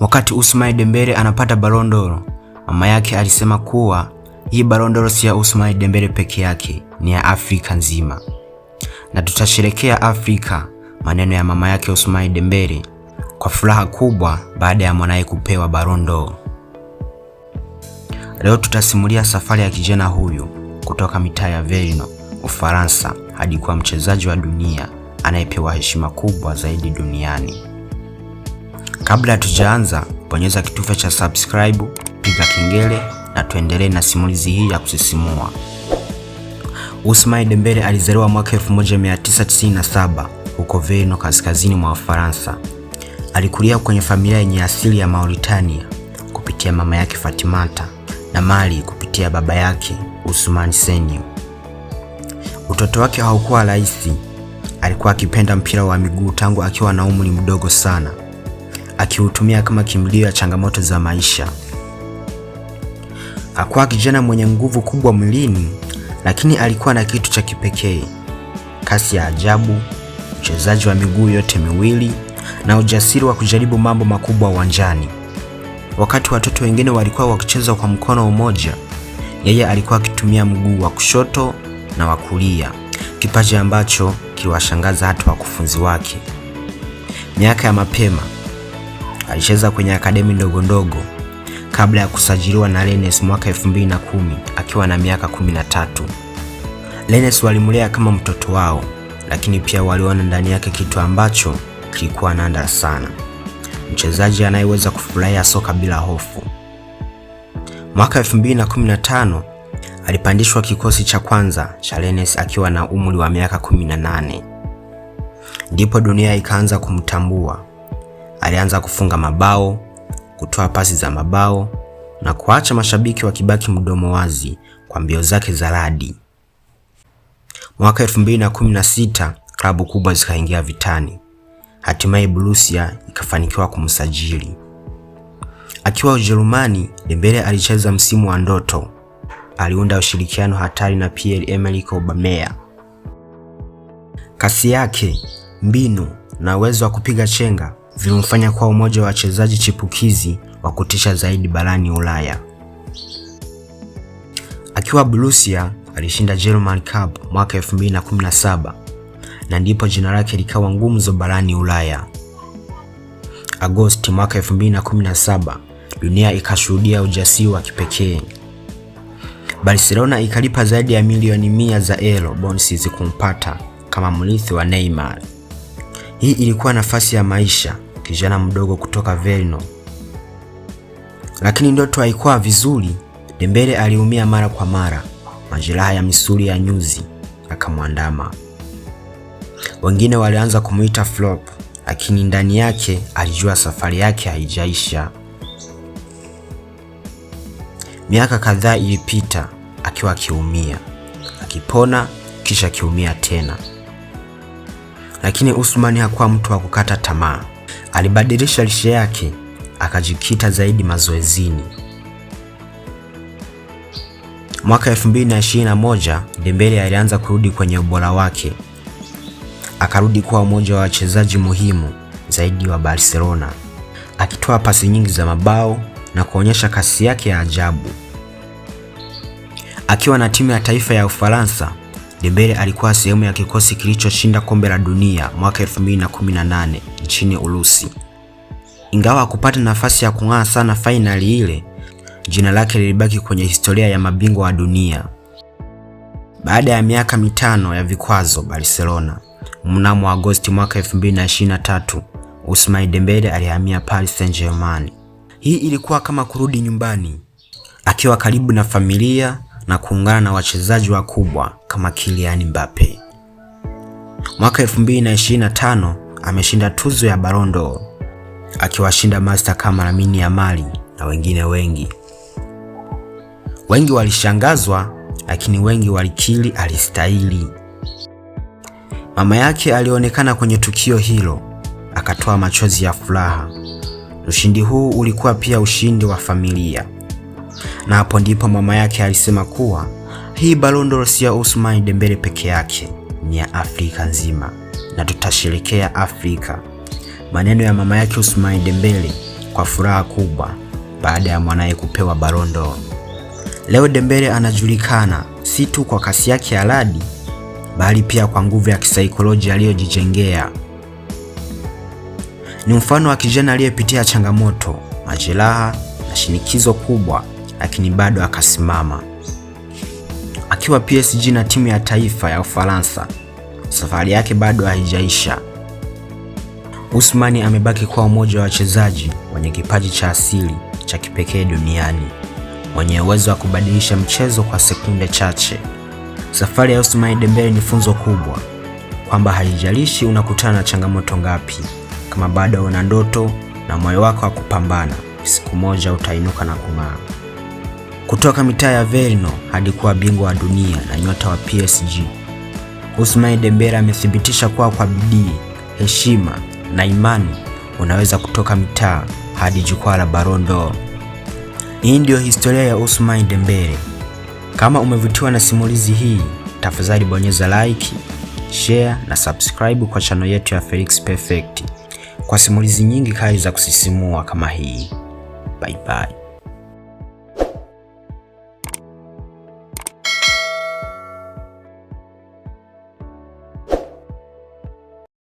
Wakati Ousmane Dembele anapata Ballon d'Or, mama yake alisema kuwa hii Ballon d'Or si ya Ousmane Dembele peke yake, ni ya Afrika nzima na tutasherekea Afrika, maneno ya mama yake Ousmane Dembele kwa furaha kubwa baada ya mwanaye kupewa Ballon d'Or. Leo tutasimulia safari ya kijana huyu kutoka mitaa ya Verno, Ufaransa hadi kuwa mchezaji wa dunia anayepewa heshima kubwa zaidi duniani. Kabla hatujaanza, bonyeza kitufe cha subscribe, piga kengele na tuendelee na simulizi hii ya kusisimua. Ousmane Dembele alizaliwa mwaka 1997 huko Veno, kaskazini mwa Ufaransa. Alikulia kwenye familia yenye asili ya Mauritania kupitia mama yake Fatimata na Mali kupitia baba yake Ousmane Senior. Utoto wake haukuwa rahisi. Alikuwa akipenda mpira wa miguu tangu akiwa na umri mdogo sana akiutumia kama kimbilio ya changamoto za maisha. Hakuwa kijana mwenye nguvu kubwa mwilini, lakini alikuwa na kitu cha kipekee: kasi ya ajabu, uchezaji wa miguu yote miwili na ujasiri wa kujaribu mambo makubwa uwanjani. Wakati watoto wengine walikuwa wakicheza kwa mkono mmoja, yeye alikuwa akitumia mguu wa kushoto na wa kulia, kipaji ambacho kiliwashangaza hata wakufunzi wake. Miaka ya mapema alicheza kwenye akademi ndogo ndogo kabla ya kusajiliwa na Rennes mwaka 2010 akiwa na miaka 13. Rennes walimlea kama mtoto wao, lakini pia waliona ndani yake kitu ambacho kilikuwa nanda sana, mchezaji anayeweza kufurahia soka bila hofu. Mwaka 2015 alipandishwa kikosi cha kwanza cha Rennes akiwa na umri wa miaka 18. Ndipo dunia ikaanza kumtambua alianza kufunga mabao, kutoa pasi za mabao na kuacha mashabiki wakibaki mdomo wazi kwa mbio zake za radi. Mwaka 2016 klabu kubwa zikaingia vitani, hatimaye Borussia ikafanikiwa kumsajili. Akiwa Ujerumani, Dembele alicheza msimu wa ndoto. Aliunda ushirikiano hatari na Pierre-Emerick Aubameyang. Kasi yake, mbinu na uwezo wa kupiga chenga vilimfanya kuwa umoja wa wachezaji chipukizi wa kutisha zaidi barani Ulaya. Akiwa Borussia alishinda German Cup mwaka 2017 na ndipo jina lake likawa ngumzo barani Ulaya. Agosti mwaka 2017, dunia ikashuhudia ujasiri wa kipekee. Barcelona ikalipa zaidi ya milioni mia za euro bonuses kumpata kama mrithi wa Neymar. Hii ilikuwa nafasi ya maisha kijana mdogo kutoka Verno, lakini ndoto haikuwa vizuri. Dembele aliumia mara kwa mara, majeraha ya misuli ya nyuzi akamwandama. Wengine walianza kumuita flop, lakini ndani yake alijua safari yake haijaisha. Miaka kadhaa ilipita akiwa akiumia, akipona, kisha akiumia tena, lakini Usmani hakuwa mtu wa kukata tamaa. Alibadilisha lishe yake akajikita zaidi mazoezini. Mwaka 2021 Dembele alianza kurudi kwenye ubora wake, akarudi kuwa mmoja wa wachezaji muhimu zaidi wa Barcelona, akitoa pasi nyingi za mabao na kuonyesha kasi yake ya ajabu. Akiwa na timu ya taifa ya Ufaransa Dembele alikuwa sehemu ya kikosi kilichoshinda kombe la dunia mwaka 2018 nchini Urusi. Ingawa hakupata nafasi ya kung'aa sana fainali ile, jina lake lilibaki kwenye historia ya mabingwa wa dunia. Baada ya miaka mitano ya vikwazo Barcelona, mnamo Agosti mwaka 2023, Ousmane Dembele alihamia Paris Saint-Germain. Hii ilikuwa kama kurudi nyumbani, akiwa karibu na familia na kuungana na wachezaji wakubwa kama Kylian Mbappe. Mwaka 2025 ameshinda tuzo ya Ballon d'Or akiwashinda masta kama Lamine Yamal na wengine wengi. Wengi walishangazwa, lakini wengi walikiri alistahili. Mama yake alionekana kwenye tukio hilo, akatoa machozi ya furaha. Ushindi huu ulikuwa pia ushindi wa familia, na hapo ndipo mama yake alisema kuwa hii Ballon d'Or sio Ousmane Dembele peke yake, ni ya Afrika nzima na tutasherekea Afrika. Maneno ya mama yake Ousmane Dembele kwa furaha kubwa baada ya mwanaye kupewa Ballon d'Or. Leo Dembele anajulikana si tu kwa kasi yake ya radi, bali pia kwa nguvu ya kisaikolojia aliyojijengea. Ni mfano wa kijana aliyepitia changamoto, majeraha na shinikizo kubwa, lakini bado akasimama akiwa PSG na timu ya taifa ya Ufaransa. Safari yake bado haijaisha. Usmani amebaki kuwa mmoja wa wachezaji wenye kipaji cha asili cha kipekee duniani, mwenye uwezo wa kubadilisha mchezo kwa sekunde chache. Safari ya usmani Dembele ni funzo kubwa kwamba haijalishi unakutana na changamoto ngapi, kama bado una ndoto na moyo wako wa kupambana, siku moja utainuka na kung'aa kutoka mitaa ya Verno hadi kuwa bingwa wa dunia na nyota wa PSG. Ousmane Dembele amethibitisha kuwa kwa bidii, heshima na imani unaweza kutoka mitaa hadi jukwaa la Ballon d'Or. Hii ndiyo historia ya Ousmane Dembele. Kama umevutiwa na simulizi hii, tafadhali bonyeza like, share na subscribe kwa chano yetu ya Felix Perfect kwa simulizi nyingi kali za kusisimua kama hii. Bye bye.